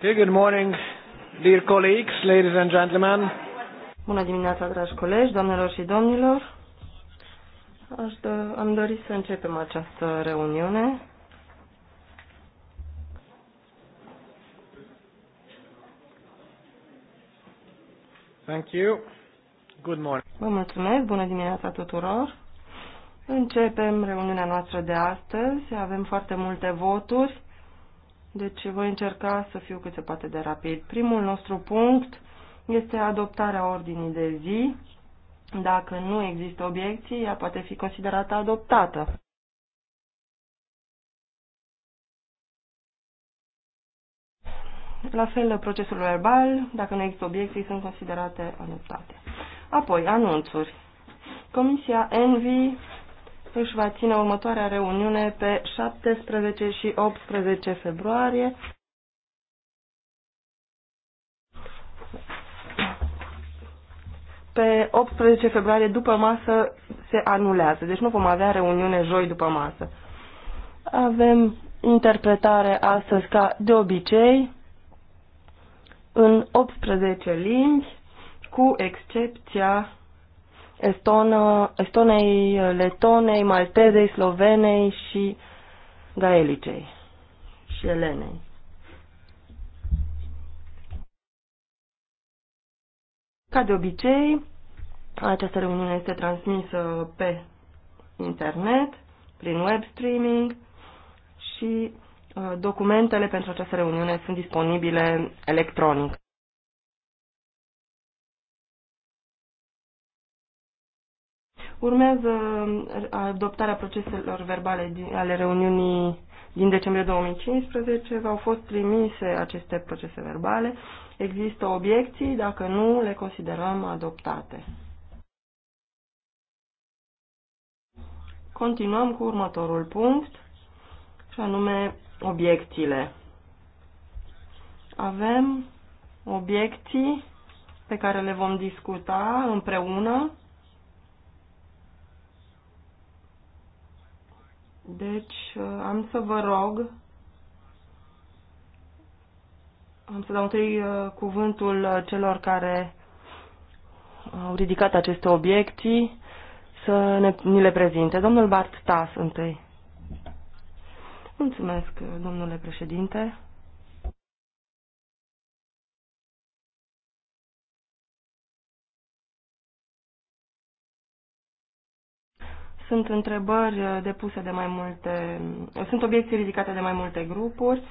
Okay, good morning, dear colleagues, ladies and gentlemen. Bună dimineața, dragi colegi, doamnelor și domnilor. Aș dă, am dorit să începem această reuniune. Thank you. Good morning. Vă mulțumesc, bună dimineața tuturor. Începem reuniunea noastră de astăzi. Avem foarte multe voturi deci voi încerca să fiu cât se poate de rapid. Primul nostru punct este adoptarea ordinii de zi. Dacă nu există obiecții, ea poate fi considerată adoptată. La fel, procesul verbal, dacă nu există obiecții, sunt considerate adoptate. Apoi, anunțuri. Comisia Envi își va ține următoarea reuniune pe 17 și 18 februarie. Pe 18 februarie după masă se anulează, deci nu vom avea reuniune joi după masă. Avem interpretare astăzi ca de obicei în 18 limbi, cu excepția estona, estonei, letonei, maltezei, slovenei și gaelicei și elenei. Ca de obicei, această reuniune este transmisă pe internet, prin web streaming și uh, documentele pentru această reuniune sunt disponibile electronic. Urmează adoptarea proceselor verbale ale reuniunii din decembrie 2015. V-au fost trimise aceste procese verbale. Există obiecții, dacă nu, le considerăm adoptate. Continuăm cu următorul punct, și anume obiecțiile. Avem obiecții pe care le vom discuta împreună Deci uh, am să vă rog, am să dau întâi uh, cuvântul uh, celor care au ridicat aceste obiecții să ne, ni le prezinte. Domnul Bart Tas întâi. Mulțumesc, domnule președinte. Sunt întrebări uh, depuse de mai multe, sunt obiecții ridicate de mai multe grupuri.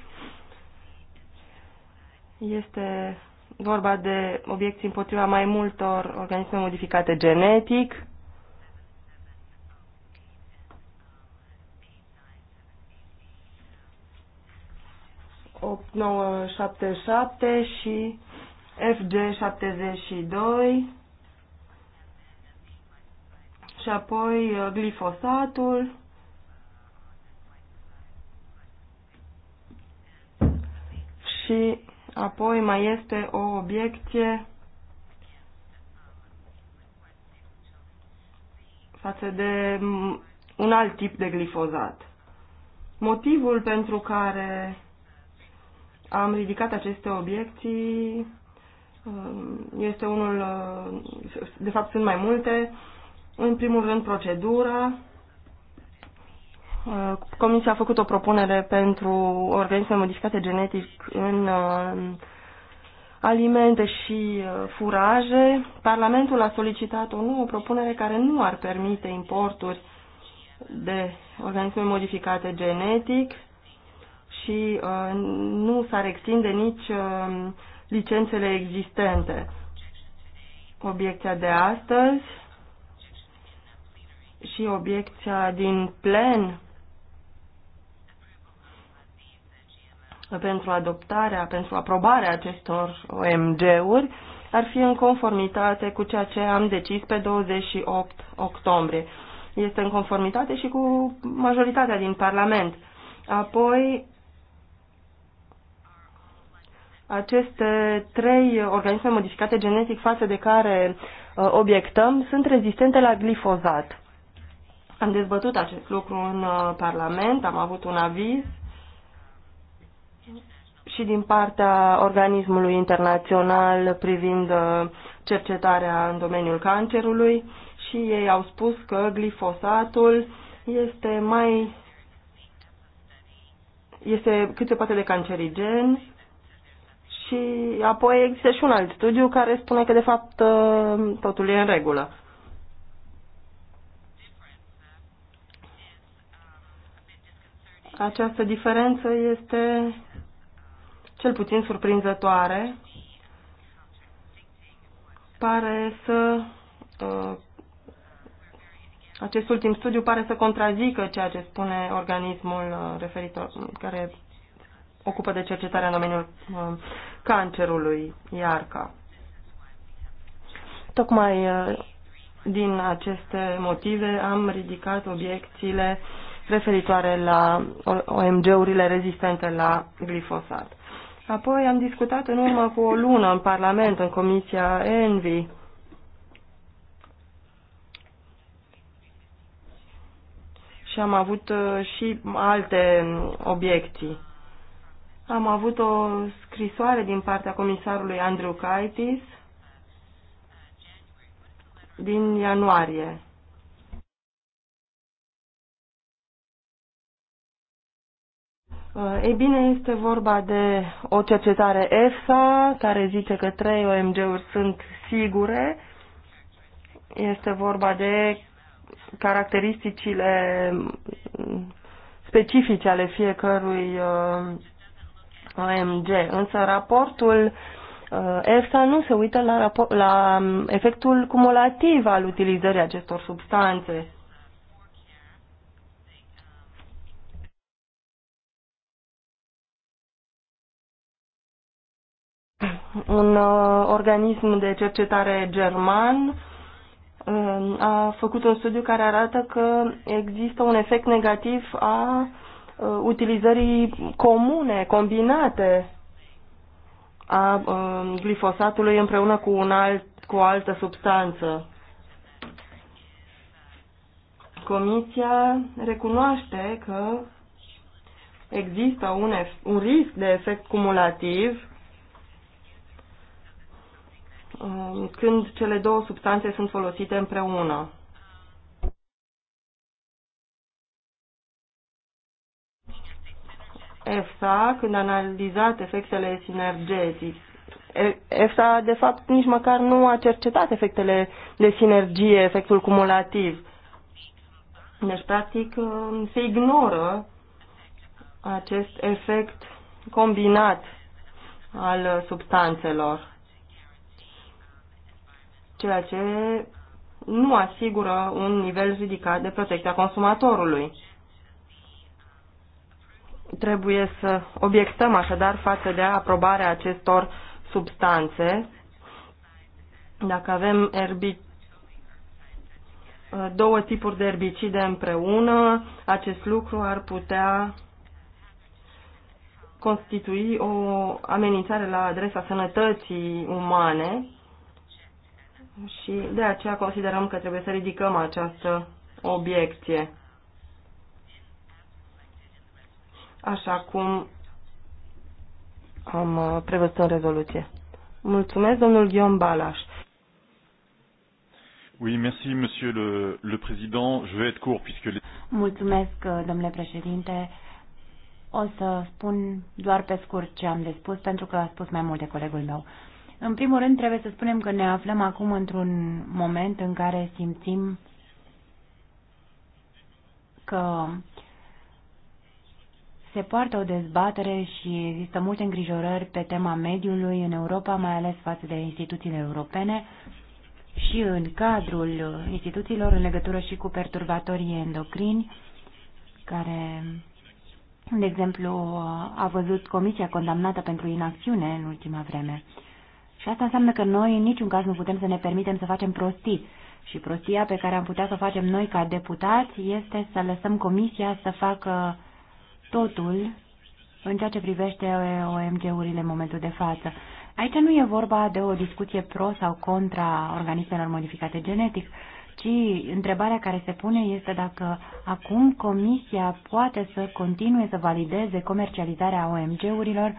Este vorba de obiecții împotriva mai multor organisme modificate genetic. ...8, 9, 7, 7 și FG72 și apoi uh, glifosatul. Și apoi mai este o obiecție față de un alt tip de glifozat. Motivul pentru care am ridicat aceste obiecții um, este unul, uh, de fapt sunt mai multe, în primul rând, procedura. Uh, Comisia a făcut o propunere pentru organisme modificate genetic în uh, alimente și uh, furaje. Parlamentul a solicitat o nouă propunere care nu ar permite importuri de organisme modificate genetic și nu s-ar extinde nici licențele existente. Obiecția de astăzi și obiecția din plen pentru adoptarea, pentru aprobarea acestor OMG-uri ar fi în conformitate cu ceea ce am decis pe 28 octombrie. Este în conformitate și cu majoritatea din Parlament. Apoi, aceste trei organisme modificate genetic față de care uh, obiectăm sunt rezistente la glifozat. Am dezbătut acest lucru în uh, Parlament, am avut un aviz și din partea organismului internațional privind uh, cercetarea în domeniul cancerului și ei au spus că glifosatul este mai este cât se poate de cancerigen și apoi există și un alt studiu care spune că de fapt uh, totul e în regulă. Această diferență este cel puțin surprinzătoare. Pare să uh, acest ultim studiu pare să contrazică ceea ce spune organismul uh, referitor care ocupă de cercetarea în domeniul uh, cancerului, IARCA. Tocmai din aceste motive am ridicat obiecțiile uh, referitoare la OMG-urile rezistente la glifosat. Apoi am discutat în urmă cu o lună în Parlament, în Comisia ENVI, și am avut uh, și alte um, obiecții. Am avut o scrisoare din partea comisarului Andrew Kaitis din ianuarie. Uh, ei bine, este vorba de o cercetare EFSA care zice că trei OMG-uri sunt sigure. Este vorba de caracteristicile specifice ale fiecărui uh, OMG. Însă raportul uh, EFSA nu se uită la, la um, efectul cumulativ al utilizării acestor substanțe. Un uh, organism de cercetare german uh, a făcut un studiu care arată că există un efect negativ a uh, utilizării comune, combinate a glifosatului împreună cu, un alt, cu o altă substanță. Comisia recunoaște că există un, un risc de efect cumulativ Um, când cele două substanțe sunt folosite împreună. EFSA, când a analizat efectele sinergetice, EFSA, de fapt, nici măcar nu a cercetat efectele de sinergie, efectul cumulativ. Deci, practic, um, se ignoră acest efect combinat al substanțelor ceea ce nu asigură un nivel ridicat de protecția consumatorului. Trebuie să obiectăm așadar față de aprobarea acestor substanțe. Dacă avem erbit, două tipuri de erbicide împreună, acest lucru ar putea constitui o amenințare la adresa sănătății umane și de aceea considerăm că trebuie să ridicăm această obiecție. Așa cum am uh, prevăzut în rezoluție. Mulțumesc, domnul Guillaume Balas. Oui, merci, monsieur le, le président. Je vais être court puisque Mulțumesc, uh, domnule președinte. O să spun doar pe scurt ce am de spus, pentru că a spus mai mult de colegul meu. În primul rând, trebuie să spunem că ne aflăm acum într-un moment în care simțim că se poartă o dezbatere și există multe îngrijorări pe tema mediului în Europa, mai ales față de instituțiile europene și în cadrul instituțiilor în legătură și cu perturbatorii endocrini, care, de exemplu, a văzut Comisia condamnată pentru inacțiune în ultima vreme. Și asta înseamnă că noi în niciun caz nu putem să ne permitem să facem prostii. Și prostia pe care am putea să o facem noi ca deputați este să lăsăm comisia să facă totul în ceea ce privește OMG-urile în momentul de față. Aici nu e vorba de o discuție pro sau contra organismelor modificate genetic, ci întrebarea care se pune este dacă acum Comisia poate să continue să valideze comercializarea OMG-urilor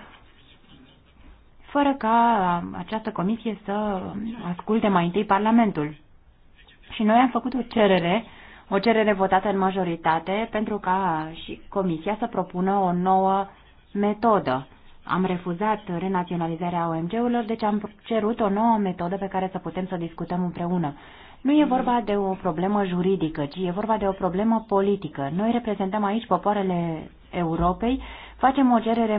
fără ca um, această comisie să um, asculte mai întâi Parlamentul. Și noi am făcut o cerere, o cerere votată în majoritate, pentru ca și comisia să propună o nouă metodă. Am refuzat renaționalizarea OMG-urilor, deci am cerut o nouă metodă pe care să putem să discutăm împreună. Nu e vorba de o problemă juridică, ci e vorba de o problemă politică. Noi reprezentăm aici popoarele Europei, facem o cerere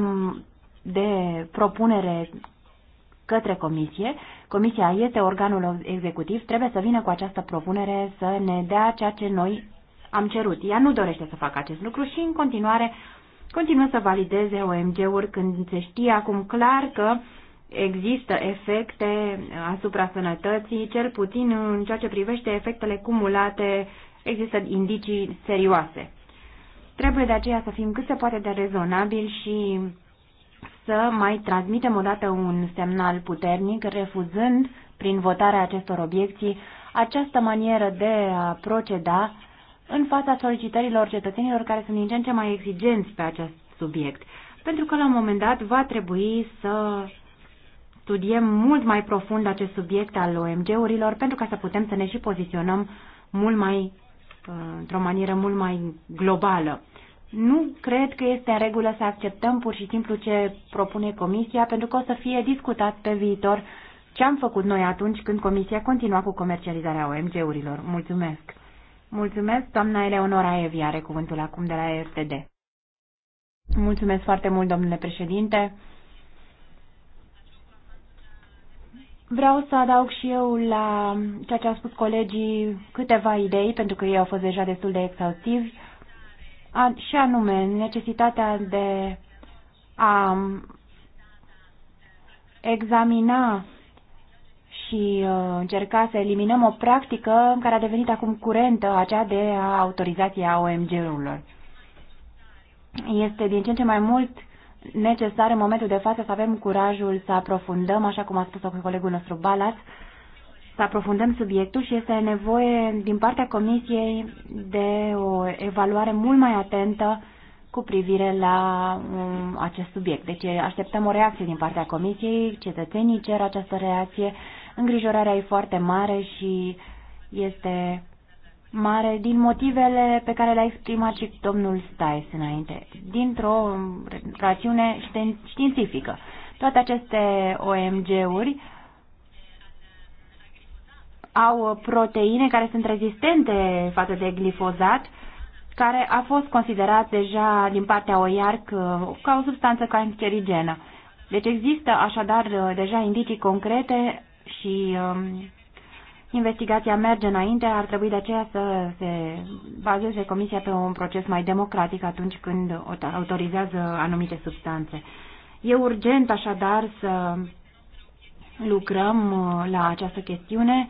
de propunere către comisie. Comisia este organul executiv, trebuie să vină cu această propunere să ne dea ceea ce noi am cerut. Ea nu dorește să facă acest lucru și în continuare continuă să valideze OMG-uri când se știe acum clar că există efecte asupra sănătății, cel puțin în ceea ce privește efectele cumulate, există indicii serioase. Trebuie de aceea să fim cât se poate de rezonabili și să mai transmitem odată un semnal puternic, refuzând, prin votarea acestor obiecții, această manieră de a proceda în fața solicitărilor cetățenilor care sunt din ce în ce mai exigenți pe acest subiect. Pentru că la un moment dat va trebui să studiem mult mai profund acest subiect al OMG-urilor pentru ca să putem să ne și poziționăm mult mai, într-o manieră mult mai globală. Nu cred că este în regulă să acceptăm pur și simplu ce propune Comisia, pentru că o să fie discutat pe viitor ce am făcut noi atunci când Comisia continua cu comercializarea OMG-urilor. Mulțumesc! Mulțumesc, doamna Eleonora Evi are cuvântul acum de la RTD. Mulțumesc foarte mult, domnule președinte. Vreau să adaug și eu la ceea ce au spus colegii câteva idei, pentru că ei au fost deja destul de exhaustivi și anume necesitatea de a examina și uh, încerca să eliminăm o practică care a devenit acum curentă, aceea de a autorizația OMG-urilor. Este din ce în ce mai mult necesar în momentul de față să avem curajul să aprofundăm, așa cum a spus-o colegul nostru Balas, să aprofundăm subiectul și este nevoie din partea Comisiei de o evaluare mult mai atentă cu privire la um, acest subiect. Deci așteptăm o reacție din partea Comisiei, cetățenii cer această reacție, îngrijorarea e foarte mare și este mare din motivele pe care le-a exprimat și domnul Stais înainte, dintr-o rațiune științifică. Toate aceste OMG-uri au uh, proteine care sunt rezistente față de glifozat, care a fost considerat deja din partea OIARC uh, ca o substanță cancerigenă. Deci există așadar uh, deja indicii concrete și um, investigația merge înainte, ar trebui de aceea să se bazeze Comisia pe un proces mai democratic atunci când autorizează anumite substanțe. E urgent așadar să lucrăm la această chestiune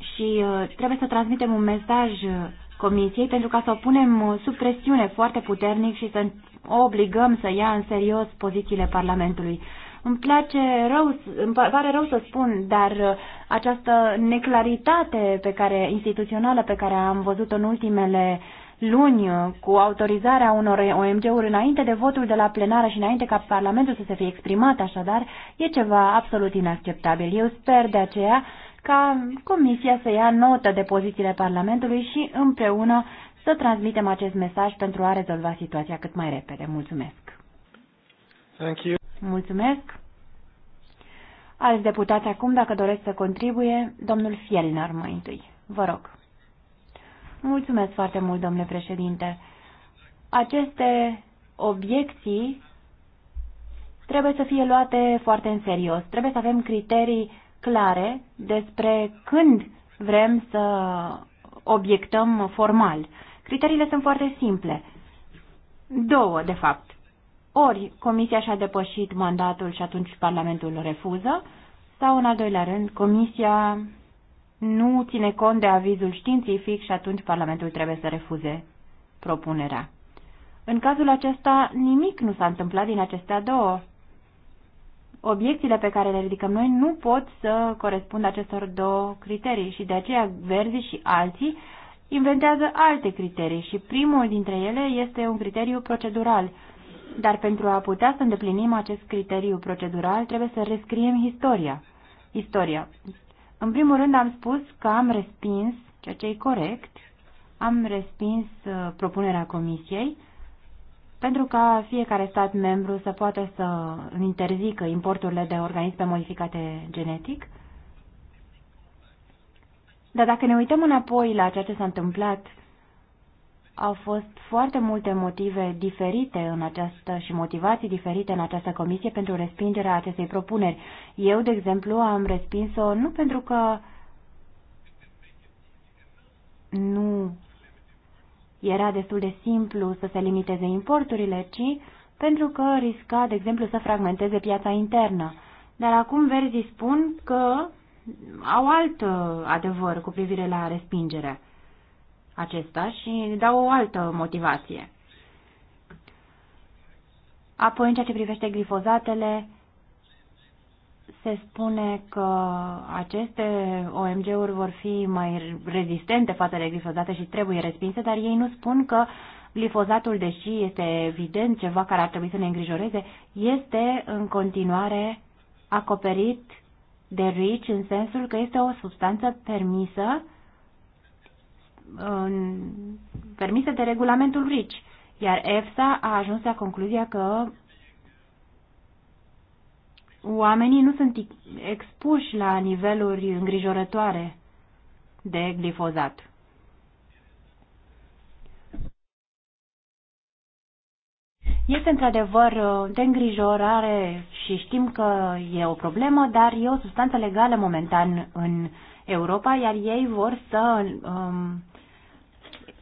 și uh, trebuie să transmitem un mesaj uh, Comisiei pentru ca să o punem uh, sub presiune foarte puternic și să o obligăm să ia în serios pozițiile Parlamentului. Îmi place rău, îmi pare rău să spun, dar această neclaritate pe care, instituțională pe care am văzut-o în ultimele luni cu autorizarea unor OMG-uri înainte de votul de la plenară și înainte ca Parlamentul să se fie exprimat așadar, e ceva absolut inacceptabil. Eu sper de aceea ca Comisia să ia notă de pozițiile Parlamentului și împreună să transmitem acest mesaj pentru a rezolva situația cât mai repede. Mulțumesc! Thank you. Mulțumesc! Alți deputați acum, dacă doresc să contribuie, domnul Fielnar mai întâi. Vă rog. Mulțumesc foarte mult, domnule președinte. Aceste obiecții trebuie să fie luate foarte în serios. Trebuie să avem criterii clare despre când vrem să obiectăm formal. Criteriile sunt foarte simple. Două, de fapt. Ori Comisia și-a depășit mandatul și atunci Parlamentul refuză, sau, în al doilea rând, Comisia nu ține cont de avizul științific și atunci Parlamentul trebuie să refuze propunerea. În cazul acesta, nimic nu s-a întâmplat din acestea două obiecțiile pe care le ridicăm noi nu pot să corespundă acestor două criterii și de aceea Verzi și alții inventează alte criterii și primul dintre ele este un criteriu procedural. Dar pentru a putea să îndeplinim acest criteriu procedural trebuie să rescriem istoria. Istoria. În primul rând am spus că am respins, ceea ce e corect, am respins uh, propunerea comisiei pentru ca fiecare stat membru să poată să interzică importurile de organisme modificate genetic. Dar dacă ne uităm înapoi la ceea ce s-a întâmplat, au fost foarte multe motive diferite în această și motivații diferite în această comisie pentru respingerea acestei propuneri. Eu, de exemplu, am respins-o nu pentru că nu era destul de simplu să se limiteze importurile, ci pentru că risca, de exemplu, să fragmenteze piața internă. Dar acum verzii spun că au alt uh, adevăr cu privire la respingere acesta și dau o altă motivație. Apoi, în ceea ce privește glifozatele, se spune că aceste OMG-uri vor fi mai rezistente față de glifozate și trebuie respinse, dar ei nu spun că glifozatul, deși este evident ceva care ar trebui să ne îngrijoreze, este în continuare acoperit de RICH în sensul că este o substanță permisă permisă de regulamentul RICH, iar EFSA a ajuns la concluzia că oamenii nu sunt expuși la niveluri îngrijorătoare de glifozat. Este într-adevăr uh, de îngrijorare și știm că e o problemă, dar e o substanță legală momentan în Europa, iar ei vor să um,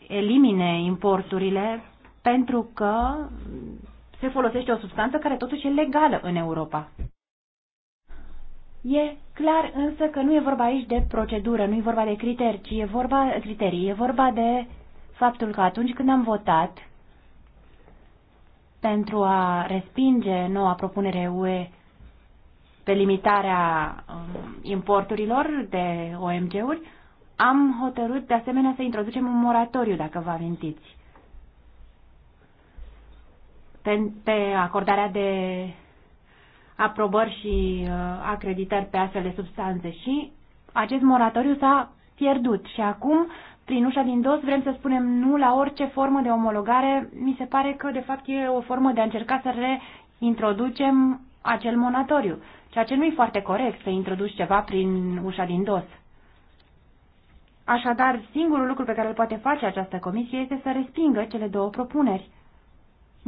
elimine importurile pentru că se folosește o substanță care totuși e legală în Europa. E clar însă că nu e vorba aici de procedură, nu e vorba de criterii, ci e vorba, criterii, e vorba de faptul că atunci când am votat pentru a respinge noua propunere UE pe limitarea um, importurilor de OMG-uri, am hotărât de asemenea să introducem un moratoriu, dacă vă amintiți, pe, pe acordarea de aprobări și uh, acreditări pe astfel de substanțe și acest moratoriu s-a pierdut și acum prin ușa din dos vrem să spunem nu la orice formă de omologare. Mi se pare că de fapt e o formă de a încerca să reintroducem acel monatoriu, ceea ce nu e foarte corect să introduci ceva prin ușa din dos. Așadar, singurul lucru pe care îl poate face această comisie este să respingă cele două propuneri.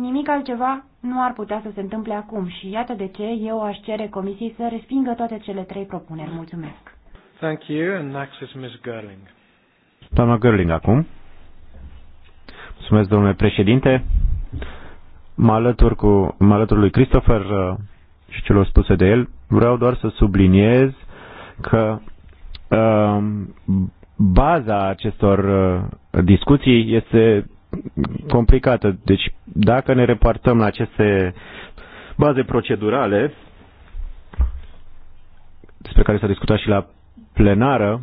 Nimic altceva nu ar putea să se întâmple acum și iată de ce eu aș cere comisiei să respingă toate cele trei propuneri. Mulțumesc. Thank you and next is Ms. Gerling. Doamna Gerling acum. Mulțumesc, domnule președinte. Mă alătur, cu, mă alătur lui Christopher uh, și celor spuse de el. Vreau doar să subliniez că uh, baza acestor uh, discuții este complicată. Deci, dacă ne repartăm la aceste baze procedurale, despre care s-a discutat și la plenară,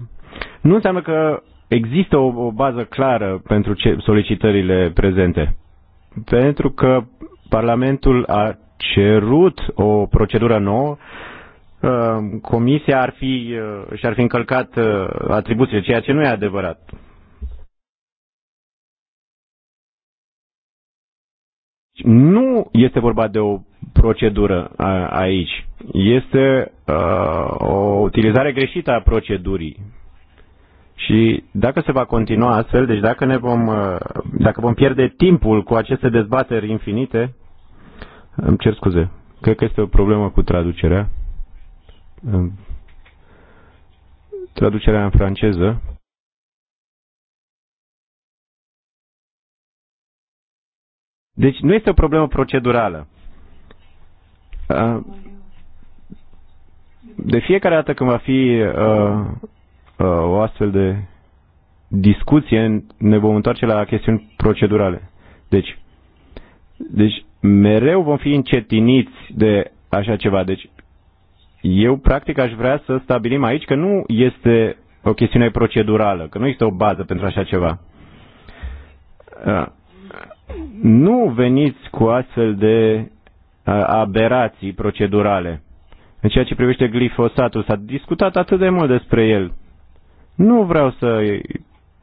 nu înseamnă că există o, o bază clară pentru ce, solicitările prezente. Pentru că Parlamentul a cerut o procedură nouă, uh, Comisia ar fi, uh, și-ar fi încălcat uh, atribuțiile, ceea ce nu e adevărat. Nu este vorba de o procedură a, aici. Este uh, o utilizare greșită a procedurii. Și dacă se va continua astfel, deci dacă ne vom, dacă vom pierde timpul cu aceste dezbateri infinite, îmi cer scuze, cred că este o problemă cu traducerea. Traducerea în franceză. Deci nu este o problemă procedurală. De fiecare dată când va fi o astfel de discuție, ne vom întoarce la chestiuni procedurale. Deci, deci mereu vom fi încetiniți de așa ceva. Deci, eu practic aș vrea să stabilim aici că nu este o chestiune procedurală, că nu este o bază pentru așa ceva nu veniți cu astfel de aberații procedurale. În ceea ce privește glifosatul, s-a discutat atât de mult despre el. Nu vreau să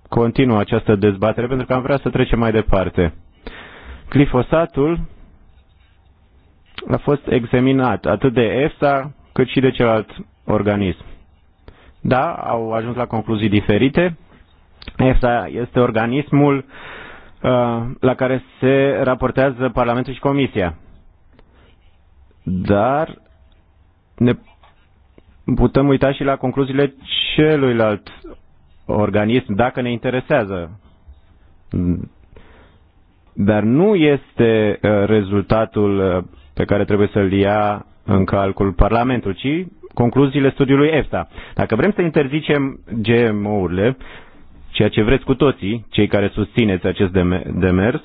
continuu această dezbatere pentru că am vrea să trecem mai departe. Glifosatul a fost examinat atât de EFSA cât și de celălalt organism. Da, au ajuns la concluzii diferite. EFSA este organismul uh, Uh, la care se raportează Parlamentul și Comisia. Dar ne putem uita și la concluziile celuilalt organism, dacă ne interesează. Dar nu este uh, rezultatul uh, pe care trebuie să-l ia în calcul Parlamentul, ci concluziile studiului EFTA. Dacă vrem să interzicem GMO-urile, ceea ce vreți cu toții, cei care susțineți acest demers,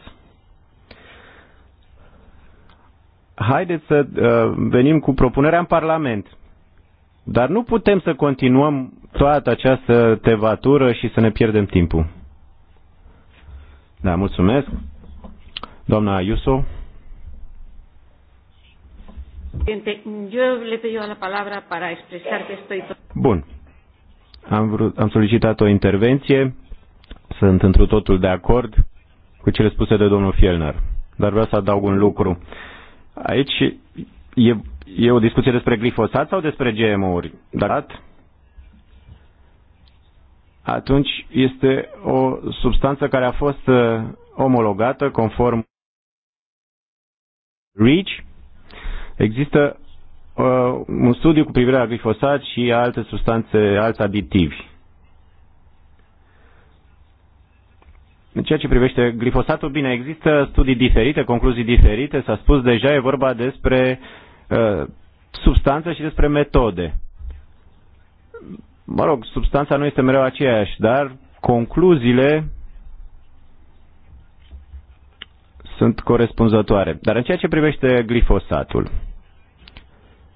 haideți să uh, venim cu propunerea în Parlament. Dar nu putem să continuăm toată această tevatură și să ne pierdem timpul. Da, mulțumesc. Doamna Ayuso. Bun. Am, vrut, am solicitat o intervenție sunt întru totul de acord cu cele spuse de domnul Fielner. Dar vreau să adaug un lucru. Aici e, e o discuție despre glifosat sau despre GMO-uri? Dar atunci este o substanță care a fost uh, omologată conform REACH. Există uh, un studiu cu privire la glifosat și alte substanțe, alți aditivi. În ceea ce privește glifosatul, bine, există studii diferite, concluzii diferite, s-a spus deja, e vorba despre uh, substanță și despre metode. Mă rog, substanța nu este mereu aceeași, dar concluziile sunt corespunzătoare. Dar în ceea ce privește glifosatul,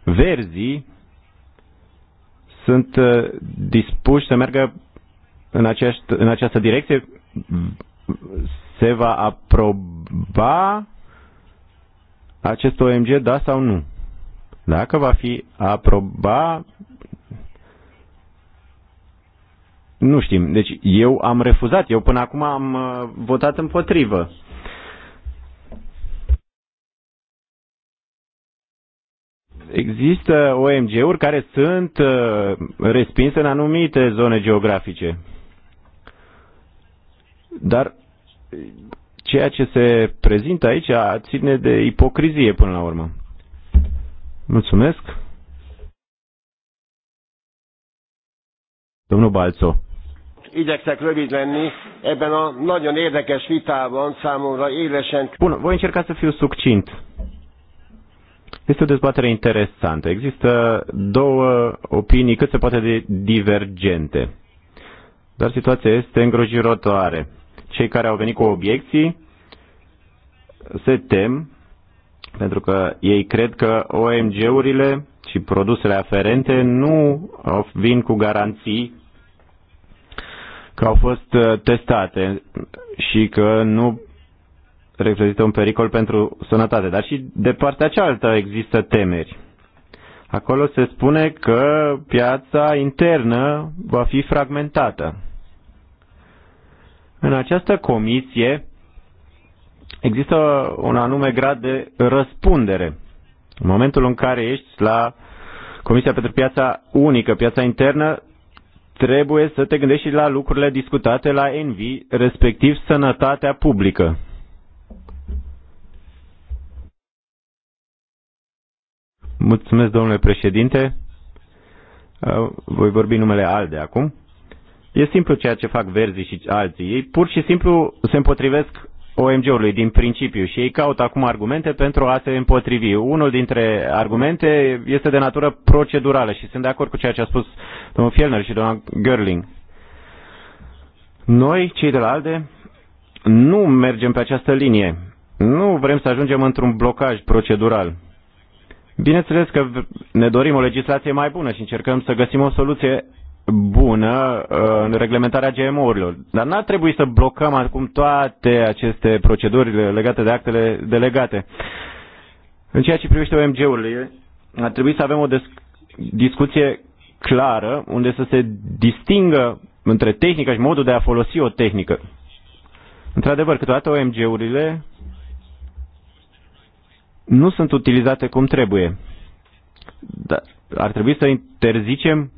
verzii sunt uh, dispuși să meargă în, aceast, în această direcție se va aproba acest OMG, da sau nu? Dacă va fi aproba, nu știm. Deci eu am refuzat, eu până acum am uh, votat împotrivă. Există OMG-uri care sunt uh, respinse în anumite zone geografice. Dar ceea ce se prezintă aici ține de ipocrizie până la urmă. Mulțumesc. Domnul Balțo. Igyekszek rövid lenni ebben a nagyon érdekes vitában számomra élesen. Bun, voi încerca să fiu succint. Este o dezbatere interesantă. Există două opinii cât se poate de divergente. Dar situația este îngrojirătoare cei care au venit cu obiecții se tem pentru că ei cred că OMG-urile și produsele aferente nu vin cu garanții că au fost uh, testate și că nu reprezintă un pericol pentru sănătate. Dar și de partea cealaltă există temeri. Acolo se spune că piața internă va fi fragmentată. În această comisie există un anume grad de răspundere. În momentul în care ești la Comisia pentru Piața Unică, Piața Internă, trebuie să te gândești și la lucrurile discutate la Envi, respectiv sănătatea publică. Mulțumesc, domnule președinte. Voi vorbi numele ALDE acum. E simplu ceea ce fac verzii și alții. Ei pur și simplu se împotrivesc OMG-ului din principiu și ei caută acum argumente pentru a se împotrivi. Unul dintre argumente este de natură procedurală și sunt de acord cu ceea ce a spus domnul Fielner și doamna Görling. Noi, cei de la ALDE, nu mergem pe această linie. Nu vrem să ajungem într-un blocaj procedural. Bineînțeles că ne dorim o legislație mai bună și încercăm să găsim o soluție bună uh, în reglementarea GMO-urilor. Dar n-ar trebui să blocăm acum toate aceste proceduri legate de actele delegate. În ceea ce privește OMG-urile, ar trebui să avem o discuție clară unde să se distingă între tehnica și modul de a folosi o tehnică. Într-adevăr, câteodată OMG-urile nu sunt utilizate cum trebuie. Dar ar trebui să interzicem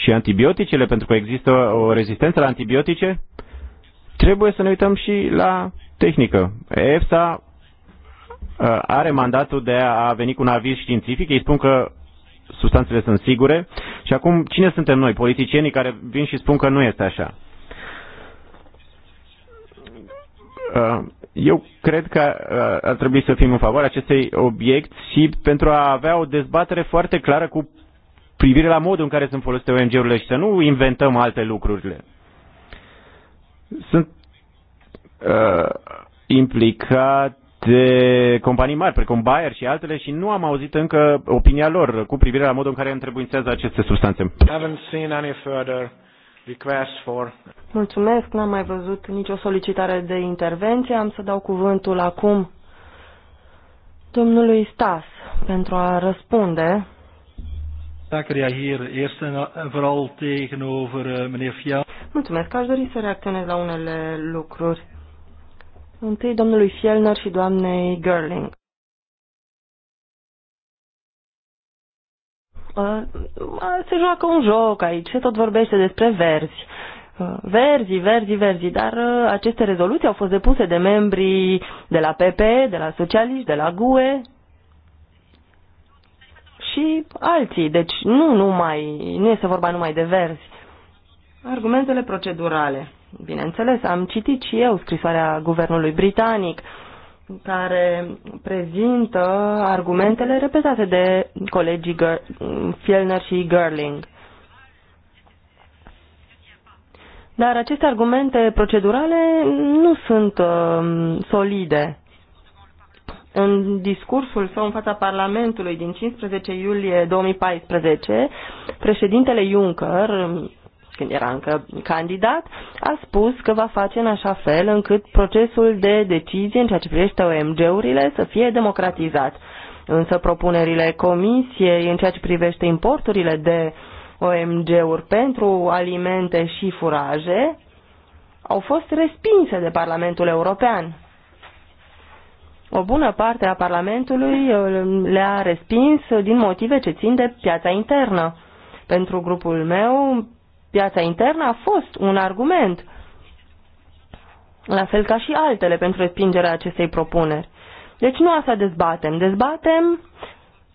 și antibioticele, pentru că există o rezistență la antibiotice, trebuie să ne uităm și la tehnică. EFSA uh, are mandatul de a veni cu un aviz științific, ei spun că substanțele sunt sigure și acum cine suntem noi, politicienii care vin și spun că nu este așa? Uh, eu cred că uh, ar trebui să fim în favoarea acestei obiecții pentru a avea o dezbatere foarte clară cu privire la modul în care sunt folosite OMG-urile și să nu inventăm alte lucruri. Sunt uh, implicate companii mari, precum Bayer și altele, și nu am auzit încă opinia lor cu privire la modul în care întrebuințează aceste substanțe. For... Mulțumesc, n-am mai văzut nicio solicitare de intervenție. Am să dau cuvântul acum domnului Stas pentru a răspunde Dank Dacă reagir, eerst en vooral tegenover eh, meneer Fiala. Mulțumesc, aș dori să reacționez la unele lucruri. Întâi domnului Fielner și doamnei Gerling. Se joacă un joc aici, se tot vorbește despre verzi. Verzi, verzi, verzi, dar ă, aceste rezoluții au fost depuse de membrii de la PP, de la socialiști, de la GUE, și alții. Deci nu, numai, nu este vorba numai de verzi. Argumentele procedurale. Bineînțeles, am citit și eu scrisoarea guvernului britanic care prezintă argumentele repetate de colegii Fielner și Gerling. Dar aceste argumente procedurale nu sunt uh, solide în discursul său în fața Parlamentului din 15 iulie 2014, președintele Juncker, când era încă candidat, a spus că va face în așa fel încât procesul de decizie în ceea ce privește OMG-urile să fie democratizat. Însă propunerile comisiei în ceea ce privește importurile de OMG-uri pentru alimente și furaje au fost respinse de Parlamentul European o bună parte a Parlamentului uh, le-a respins din motive ce țin de piața internă. Pentru grupul meu, piața internă a fost un argument, la fel ca și altele pentru respingerea acestei propuneri. Deci nu asta dezbatem. Dezbatem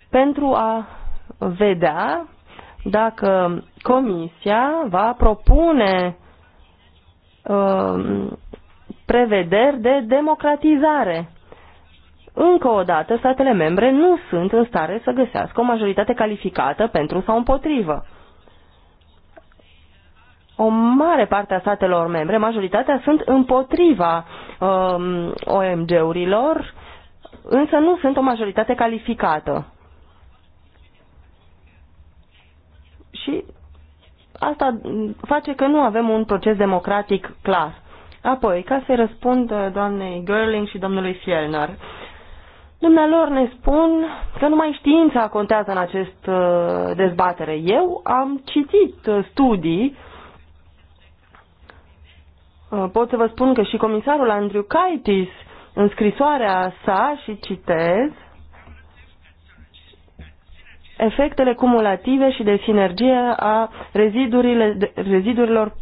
pentru a vedea dacă Comisia va propune uh, prevederi de democratizare încă o dată, statele membre nu sunt în stare să găsească o majoritate calificată pentru sau împotrivă. O mare parte a statelor membre, majoritatea, sunt împotriva um, OMG-urilor, însă nu sunt o majoritate calificată. Și asta face că nu avem un proces democratic clar. Apoi, ca să răspund uh, doamnei Gerling și domnului Fielner, Dumnealor ne spun că numai știința contează în acest uh, dezbatere. Eu am citit uh, studii, uh, pot să vă spun că și comisarul Andrew Kaitis în scrisoarea sa și citez efectele cumulative și de sinergie a rezidurile, rezidurilor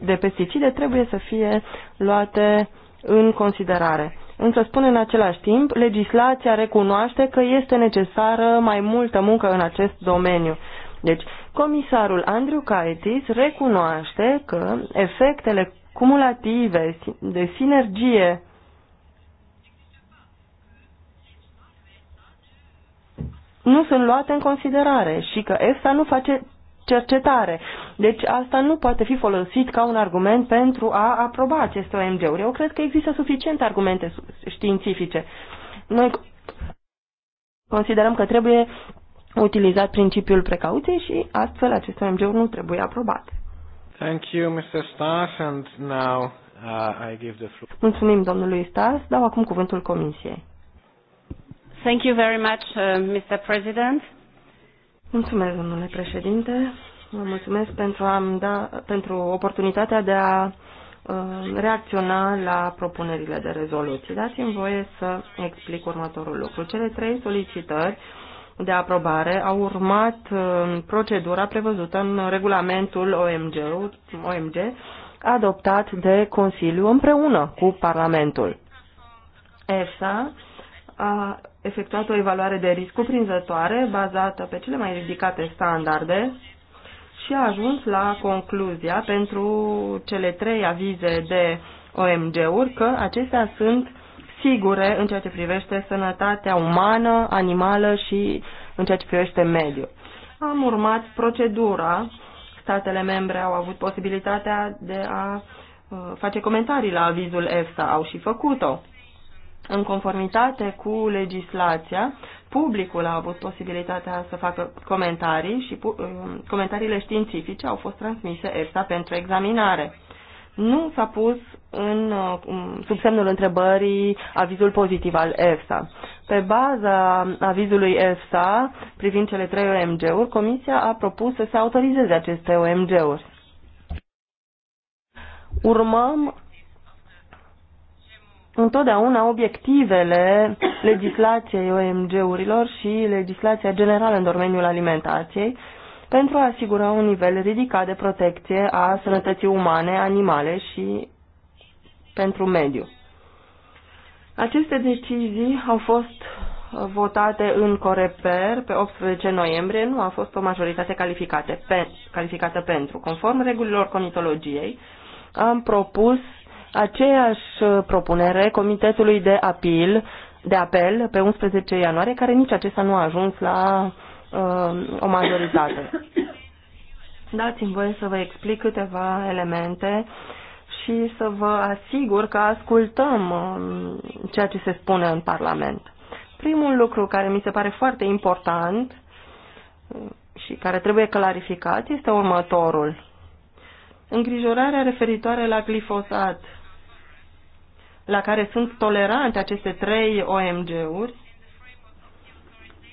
de pesticide trebuie să fie luate în considerare. Însă spune în același timp, legislația recunoaște că este necesară mai multă muncă în acest domeniu. Deci, comisarul Andrew Caetis recunoaște că efectele cumulative de sinergie nu sunt luate în considerare și că EFSA nu face cercetare. Deci asta nu poate fi folosit ca un argument pentru a aproba aceste OMG-uri. Eu cred că există suficiente argumente științifice. Noi considerăm că trebuie utilizat principiul precauției și astfel aceste OMG-uri nu trebuie aprobate. Thank you, Mr. Stas, and now uh, I give the floor. Mulțumim domnului Stas, dau acum cuvântul comisiei. Thank you very much, uh, Mr. President. Mulțumesc, domnule președinte. Vă mulțumesc pentru, a da, pentru oportunitatea de a uh, reacționa la propunerile de rezoluție. Dați-mi voie să explic următorul lucru. Cele trei solicitări de aprobare au urmat uh, procedura prevăzută în regulamentul OMG, OMG adoptat de Consiliu împreună cu Parlamentul. EFSA a efectuat o evaluare de risc cuprinzătoare bazată pe cele mai ridicate standarde și a ajuns la concluzia pentru cele trei avize de OMG-uri că acestea sunt sigure în ceea ce privește sănătatea umană, animală și în ceea ce privește mediul. Am urmat procedura, statele membre au avut posibilitatea de a uh, face comentarii la avizul EFSA, au și făcut-o. În conformitate cu legislația, publicul a avut posibilitatea să facă comentarii și uh, comentariile științifice au fost transmise EFSA pentru examinare. Nu s-a pus în, uh, um, sub semnul întrebării avizul pozitiv al EFSA. Pe baza avizului EFSA privind cele trei OMG-uri, Comisia a propus să se autorizeze aceste OMG-uri. Urmăm întotdeauna obiectivele legislației OMG-urilor și legislația generală în domeniul alimentației pentru a asigura un nivel ridicat de protecție a sănătății umane, animale și pentru mediu. Aceste decizii au fost votate în Coreper pe 18 noiembrie, nu a fost o majoritate calificată, pe, calificată pentru. Conform regulilor conitologiei, am propus aceeași uh, propunere Comitetului de Apel, de apel pe 11 ianuarie, care nici acesta nu a ajuns la uh, o majoritate. Dați-mi voie să vă explic câteva elemente și să vă asigur că ascultăm uh, ceea ce se spune în Parlament. Primul lucru care mi se pare foarte important uh, și care trebuie clarificat este următorul. Îngrijorarea referitoare la glifosat la care sunt tolerante aceste trei OMG-uri,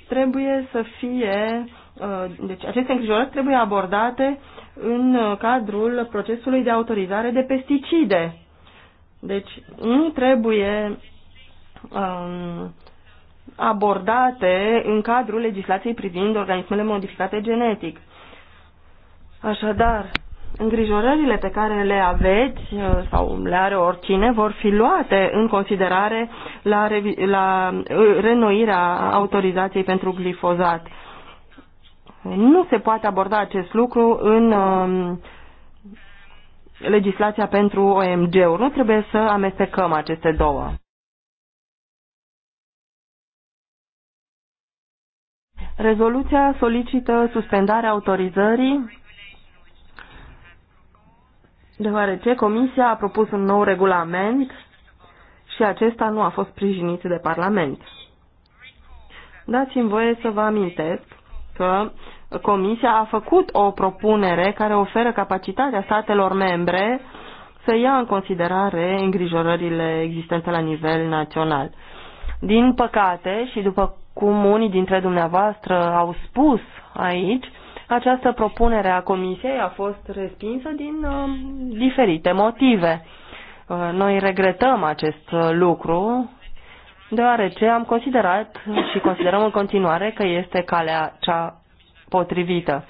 trebuie să fie, uh, deci aceste îngrijorări trebuie abordate în cadrul procesului de autorizare de pesticide. Deci nu trebuie um, abordate în cadrul legislației privind organismele modificate genetic. Așadar, îngrijorările pe care le aveți uh, sau le are oricine vor fi luate în considerare la, la uh, renoirea autorizației pentru glifozat. Nu se poate aborda acest lucru în um, legislația pentru OMG-uri. Nu trebuie să amestecăm aceste două. Rezoluția solicită suspendarea autorizării deoarece Comisia a propus un nou regulament și acesta nu a fost sprijinit de Parlament. Dați-mi voie să vă amintesc că Comisia a făcut o propunere care oferă capacitatea statelor membre să ia în considerare îngrijorările existente la nivel național. Din păcate, și după cum unii dintre dumneavoastră au spus aici, această propunere a Comisiei a fost respinsă din uh, diferite motive. Uh, noi regretăm acest uh, lucru deoarece am considerat și considerăm în continuare că este calea cea potrivită.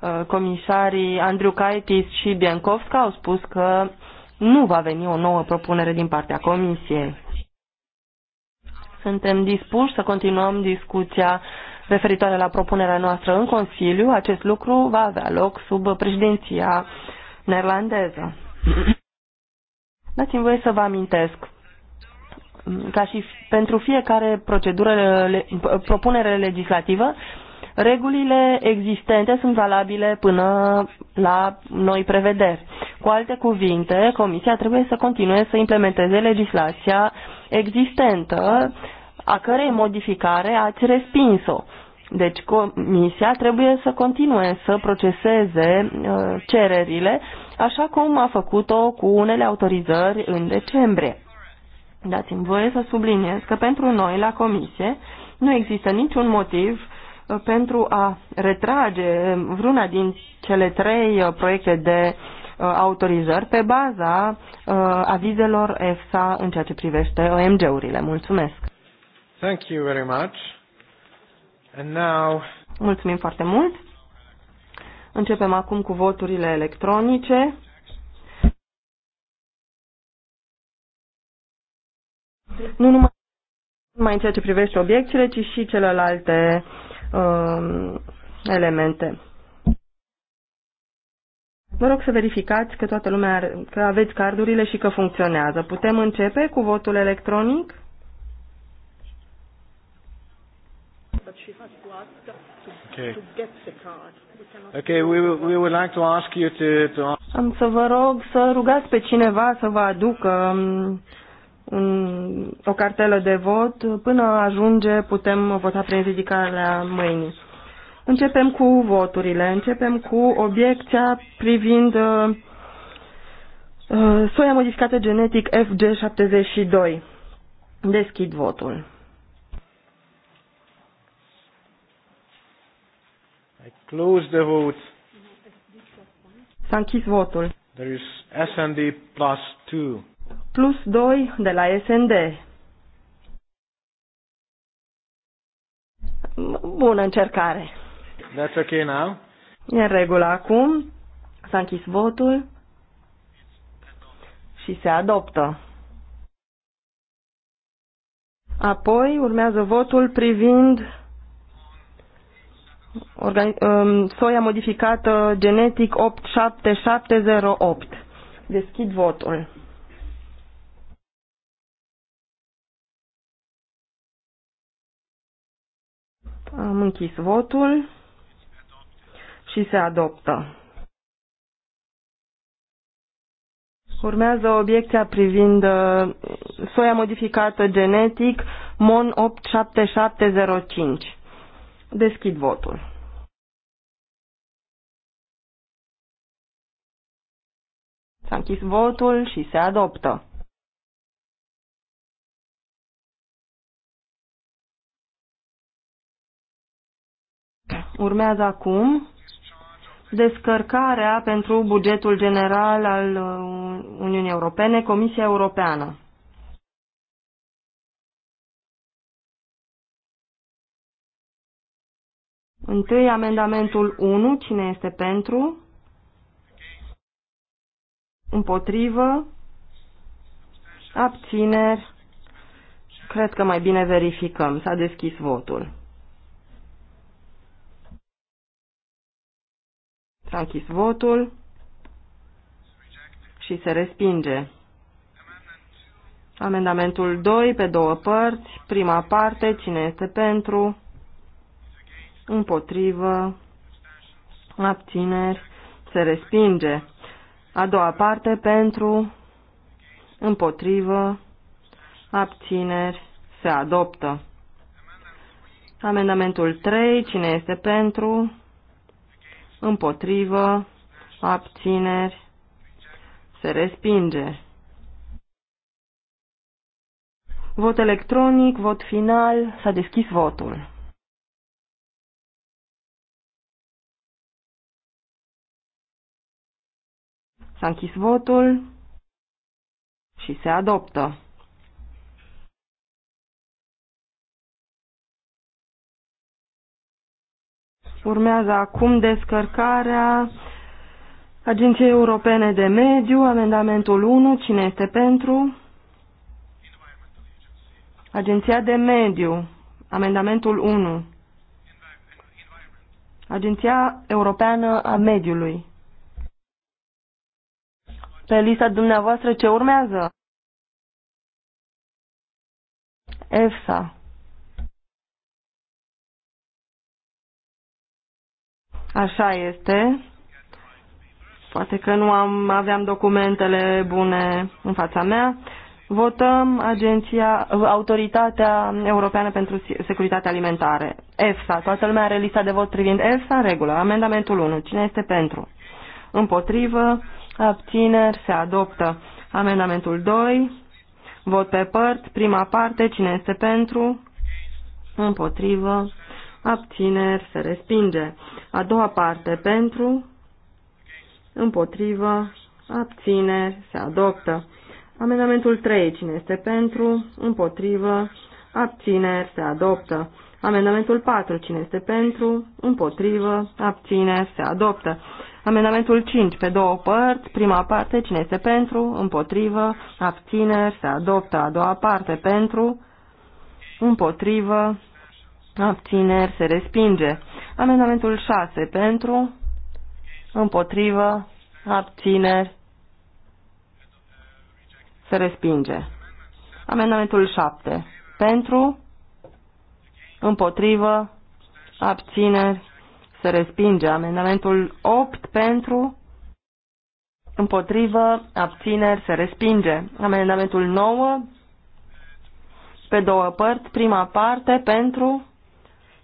Uh, comisarii Andriu Caitis și Biancovska au spus că nu va veni o nouă propunere din partea Comisiei. Suntem dispuși să continuăm discuția referitoare la propunerea noastră în Consiliu, acest lucru va avea loc sub președinția neerlandeză. Dați-mi voie să vă amintesc ca și pentru fiecare procedură, le, propunere legislativă, regulile existente sunt valabile până la noi prevederi. Cu alte cuvinte, Comisia trebuie să continue să implementeze legislația existentă a cărei modificare ați respins-o. Deci comisia trebuie să continue să proceseze uh, cererile, așa cum a făcut-o cu unele autorizări în decembrie. Dați-mi voie să subliniez că pentru noi, la comisie, nu există niciun motiv uh, pentru a retrage vreuna din cele trei uh, proiecte de autorizări pe baza avizelor EFSA în ceea ce privește OMG-urile. Mulțumesc! Thank you very much. And now... Mulțumim foarte mult. Începem acum cu voturile electronice. Nu numai, mai în ceea ce privește obiectele, ci și celelalte um, elemente. Vă rog să verificați că toată lumea, are, că aveți cardurile și că funcționează. Putem începe cu votul electronic? she has to ask okay. to get the card. We okay, we, we would like to ask you to, to Am să vă rog să rugați pe cineva să vă aducă um, un, o cartelă de vot. Până ajunge putem vota prin ridicarea mâinii. Începem cu voturile. Începem cu obiecția privind uh, uh soia modificată genetic FG72. Deschid votul. Close the vote. S-a închis votul. There is SND plus 2. Plus 2 de la SND. Bună încercare. That's okay now. E în regulă acum. S-a închis votul și se adoptă. Apoi urmează votul privind Um, soia modificată genetic 87708. Deschid votul. Am închis votul și se adoptă. Urmează obiecția privind uh, soia modificată genetic MON 87705. Deschid votul. S-a închis votul și se adoptă. Urmează acum descărcarea pentru bugetul general al uh, Uniunii Europene, Comisia Europeană. Întâi amendamentul 1, cine este pentru? Împotrivă? Abțineri? Cred că mai bine verificăm. S-a deschis votul. S-a închis votul și se respinge. Amendamentul 2 pe două părți. Prima parte, cine este pentru? împotrivă, abțineri, se respinge. A doua parte pentru, împotrivă, abțineri, se adoptă. Amendamentul 3, cine este pentru, împotrivă, abțineri, se respinge. Vot electronic, vot final, s-a deschis votul. S-a închis votul și se adoptă. Urmează acum descărcarea Agenției Europene de Mediu, amendamentul 1, cine este pentru? Agenția de Mediu, amendamentul 1. Agenția Europeană a Mediului pe lista dumneavoastră ce urmează? EFSA. Așa este. Poate că nu am, aveam documentele bune în fața mea. Votăm agenția, Autoritatea Europeană pentru Securitate Alimentare, EFSA. Toată lumea are lista de vot privind EFSA în regulă. Amendamentul 1. Cine este pentru? Împotrivă abțineri, se adoptă. Amendamentul 2, vot pe părți, prima parte, cine este pentru, împotrivă, abțineri, se respinge. A doua parte, pentru, împotrivă, abțineri, se adoptă. Amendamentul 3, cine este pentru, împotrivă, abțineri, se adoptă. Amendamentul 4, cine este pentru, împotrivă, abțineri, se adoptă. Amendamentul 5 pe două părți, prima parte, cine este pentru, împotrivă, abțineri, se adoptă a doua parte, pentru, împotrivă, abțineri, se respinge. Amendamentul 6 pentru, împotrivă, abțineri, se respinge. Amendamentul 7 pentru, împotrivă, abțineri, se respinge. Amendamentul 8 pentru, împotrivă, abțineri, se respinge. Amendamentul 9 pe două părți, prima parte pentru,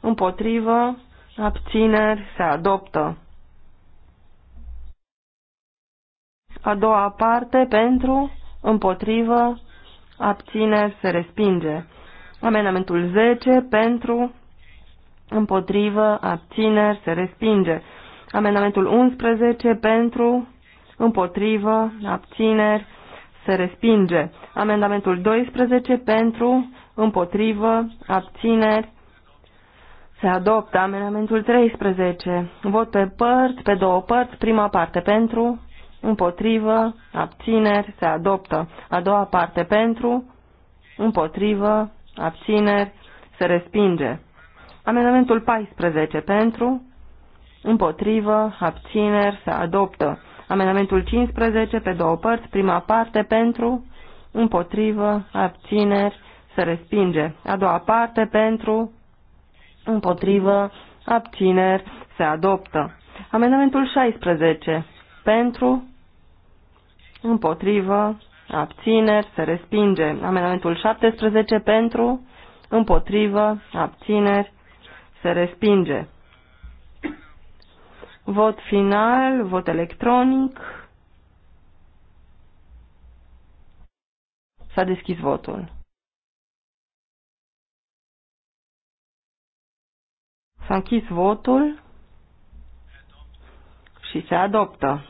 împotrivă, abțineri, se adoptă. A doua parte pentru, împotrivă, abțineri, se respinge. Amendamentul 10 pentru, împotrivă, abțineri, se respinge. Amendamentul 11 pentru, împotrivă, abțineri, se respinge. Amendamentul 12 pentru, împotrivă, abțineri, se adoptă. Amendamentul 13, vot pe părți, pe două părți, prima parte pentru, împotrivă, abțineri, se adoptă. A doua parte pentru, împotrivă, abțineri, se respinge. Amendamentul 14 pentru, împotrivă, abțineri, se adoptă. Amendamentul 15 pe două părți, prima parte pentru, împotrivă, abțineri, se respinge. A doua parte pentru, împotrivă, abțineri, se adoptă. Amendamentul 16 pentru, împotrivă, abțineri, se respinge. Amendamentul 17 pentru, împotrivă, abțineri, se respinge. Vot final, vot electronic. S-a deschis votul. S-a închis votul și se adoptă.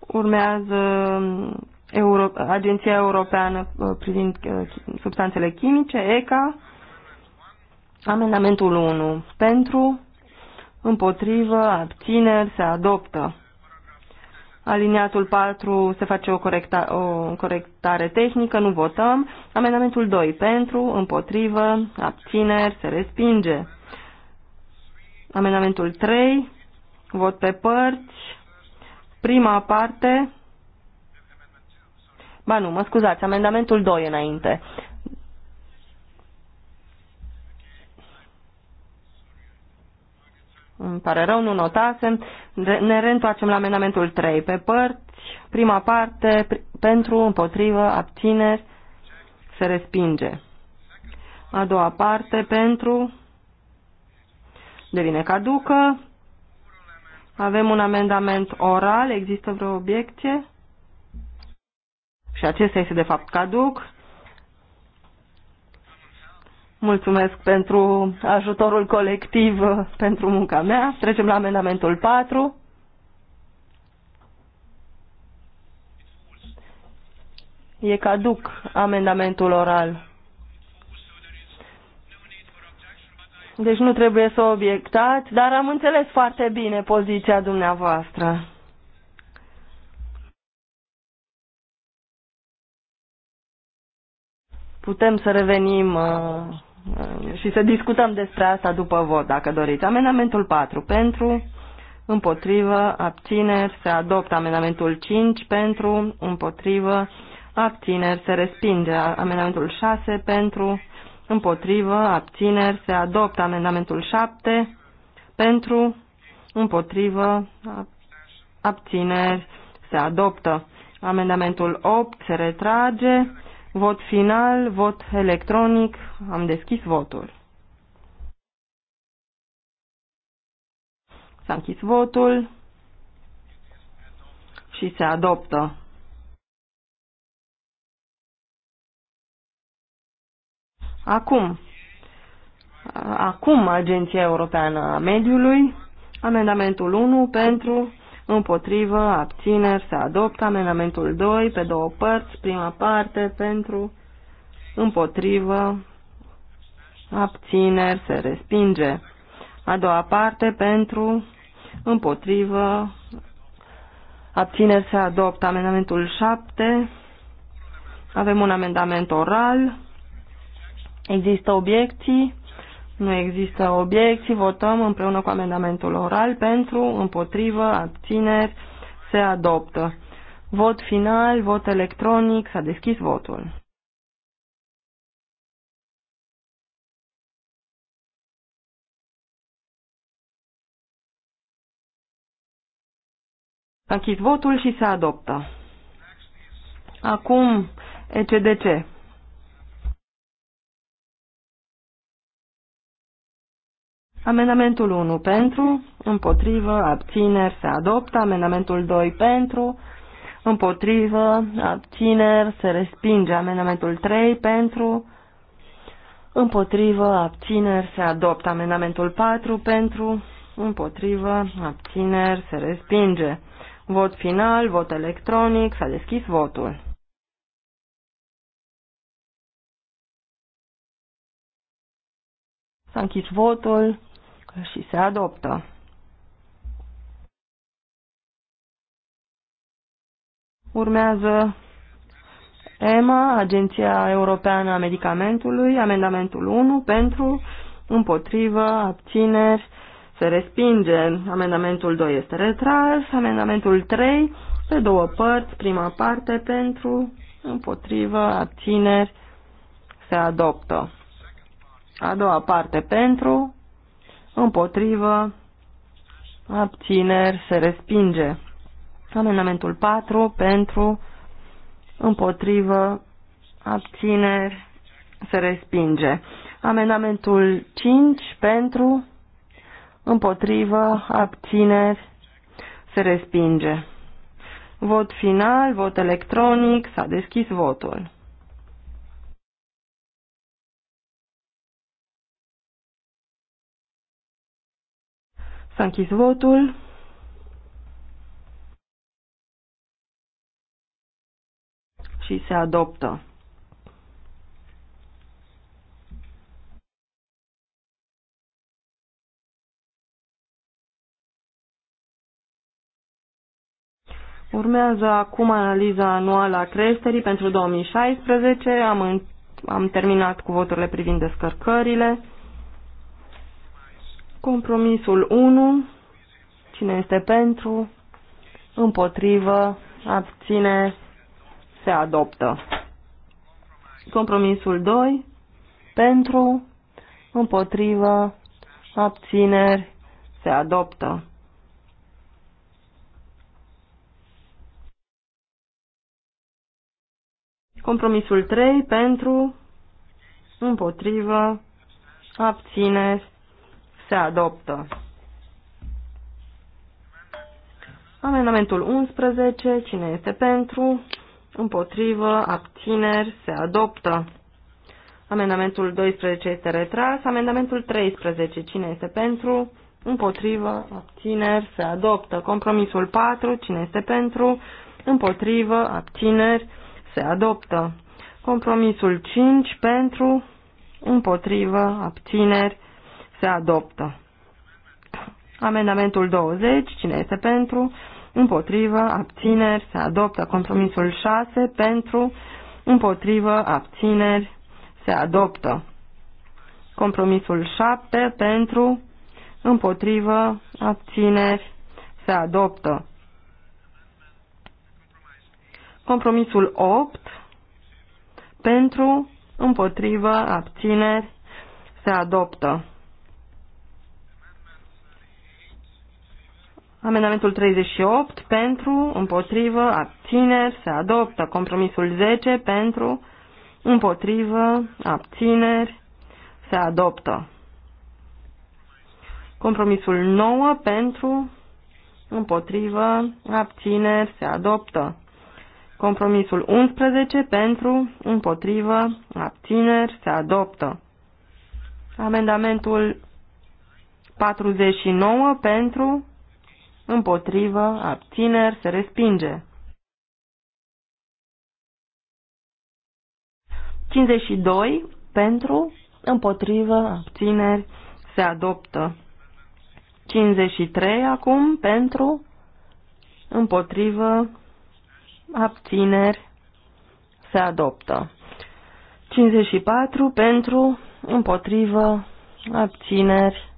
Urmează Euro Agenția Europeană uh, privind uh, substanțele chimice, ECA, amendamentul 1, pentru, împotrivă, abțineri, se adoptă. Aliniatul 4 se face o, corecta, o corectare tehnică, nu votăm. Amendamentul 2 pentru, împotrivă, abțineri, se respinge. Amendamentul 3, vot pe părți. Prima parte, Ba nu, mă scuzați, amendamentul 2 înainte. Îmi pare rău, nu notasem. Ne reîntoarcem la amendamentul 3. Pe părți, prima parte, pentru, împotrivă, abțineri, se respinge. A doua parte, pentru, devine caducă. Avem un amendament oral. Există vreo obiecție? și acesta este de fapt caduc. Mulțumesc pentru ajutorul colectiv uh, pentru munca mea. Trecem la amendamentul 4. E caduc amendamentul oral. Deci nu trebuie să obiectați, dar am înțeles foarte bine poziția dumneavoastră. Putem să revenim uh, uh, și să discutăm despre asta după vot, dacă doriți. Amendamentul 4 pentru, împotrivă, abțineri, se adoptă amendamentul 5 pentru, împotrivă, abțineri, se respinge amendamentul 6 pentru, împotrivă, abțineri, se adoptă amendamentul 7 pentru, împotrivă, abțineri, se adoptă amendamentul 8, se retrage, Vot final, vot electronic, am deschis votul. S-a închis votul și se adoptă. Acum, acum Agenția Europeană a Mediului, amendamentul 1 pentru împotrivă, abțineri, se adoptă. Amendamentul 2, pe două părți, prima parte, pentru, împotrivă, abțineri, se respinge. A doua parte, pentru, împotrivă, abțineri, se adoptă. Amendamentul 7, avem un amendament oral, există obiecții, nu există obiecții, votăm împreună cu amendamentul oral pentru, împotrivă, abțineri, se adoptă. Vot final, vot electronic, s-a deschis votul. S-a votul și se adoptă. Acum, ECDC. Amendamentul 1 pentru, împotrivă, abțineri, se adoptă. Amendamentul 2 pentru, împotrivă, abțineri, se respinge. Amendamentul 3 pentru, împotrivă, abțineri, se adoptă. Amendamentul 4 pentru, împotrivă, abțineri, se respinge. Vot final, vot electronic, s-a deschis votul. S-a închis votul și se adoptă. Urmează EMA, Agenția Europeană a Medicamentului, amendamentul 1 pentru, împotrivă, abțineri, se respinge. Amendamentul 2 este retras. Amendamentul 3 pe două părți, prima parte pentru, împotrivă, abțineri, se adoptă. A doua parte pentru, împotrivă, abțineri, se respinge. Amendamentul 4 pentru, împotrivă, abțineri, se respinge. Amendamentul 5 pentru, împotrivă, abțineri, se respinge. Vot final, vot electronic, s-a deschis votul. S-a închis votul. Și se adoptă. Urmează acum analiza anuală a creșterii pentru 2016. Am, în, am terminat cu voturile privind descărcările. Compromisul 1. Cine este pentru? Împotrivă? Abține? Se adoptă. Compromisul 2. Pentru? Împotrivă? Abțineri? Se adoptă. Compromisul 3. Pentru? Împotrivă? Abțineri? se adoptă. Amendamentul 11, cine este pentru, împotrivă, abțineri, se adoptă. Amendamentul 12 este retras. Amendamentul 13, cine este pentru, împotrivă, abțineri, se adoptă. Compromisul 4, cine este pentru, împotrivă, abțineri, se adoptă. Compromisul 5, pentru, împotrivă, abțineri, se adoptă. Amendamentul 20, cine este pentru, împotrivă, abțineri, se adoptă. Compromisul 6, pentru, împotrivă, abțineri, se adoptă. Compromisul 7, pentru, împotrivă, abțineri, se adoptă. Compromisul 8, pentru, împotrivă, abțineri, se adoptă. Amendamentul 38 pentru, împotrivă, abțineri, se adoptă. Compromisul 10 pentru, împotrivă, abțineri, se adoptă. Compromisul 9 pentru, împotrivă, abțineri, se adoptă. Compromisul 11 pentru, împotrivă, abțineri, se adoptă. Amendamentul 49 pentru, împotrivă, abțineri, se respinge. 52 pentru, împotrivă, abțineri, se adoptă. 53 acum pentru, împotrivă, abțineri, se adoptă. 54 pentru, împotrivă, abțineri.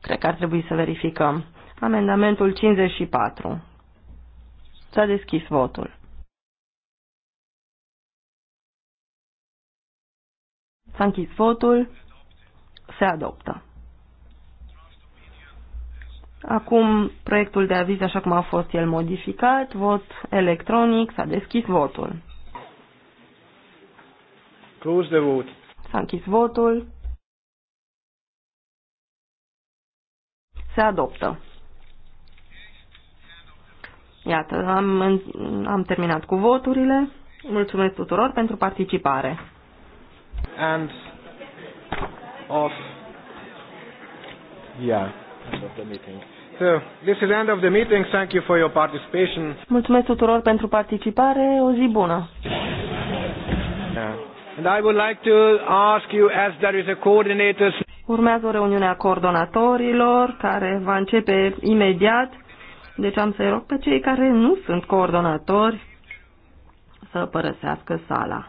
Cred că ar trebui să verificăm. Amendamentul 54. S-a deschis votul. S-a închis votul. Se adoptă. Acum proiectul de aviz așa cum a fost el modificat, vot electronic, s-a deschis votul. Close the vote. S-a închis votul. Se adoptă. Iată, am, am terminat cu voturile. Mulțumesc tuturor pentru participare. And of yeah, end of the meeting. So, this is end of the meeting. Thank you for your participation. Mulțumesc tuturor pentru participare. O zi bună. Yeah. And I would like to ask you as there is a coordinator Urmează o reuniune a coordonatorilor care va începe imediat. Deci am să-i rog pe cei care nu sunt coordonatori să părăsească sala.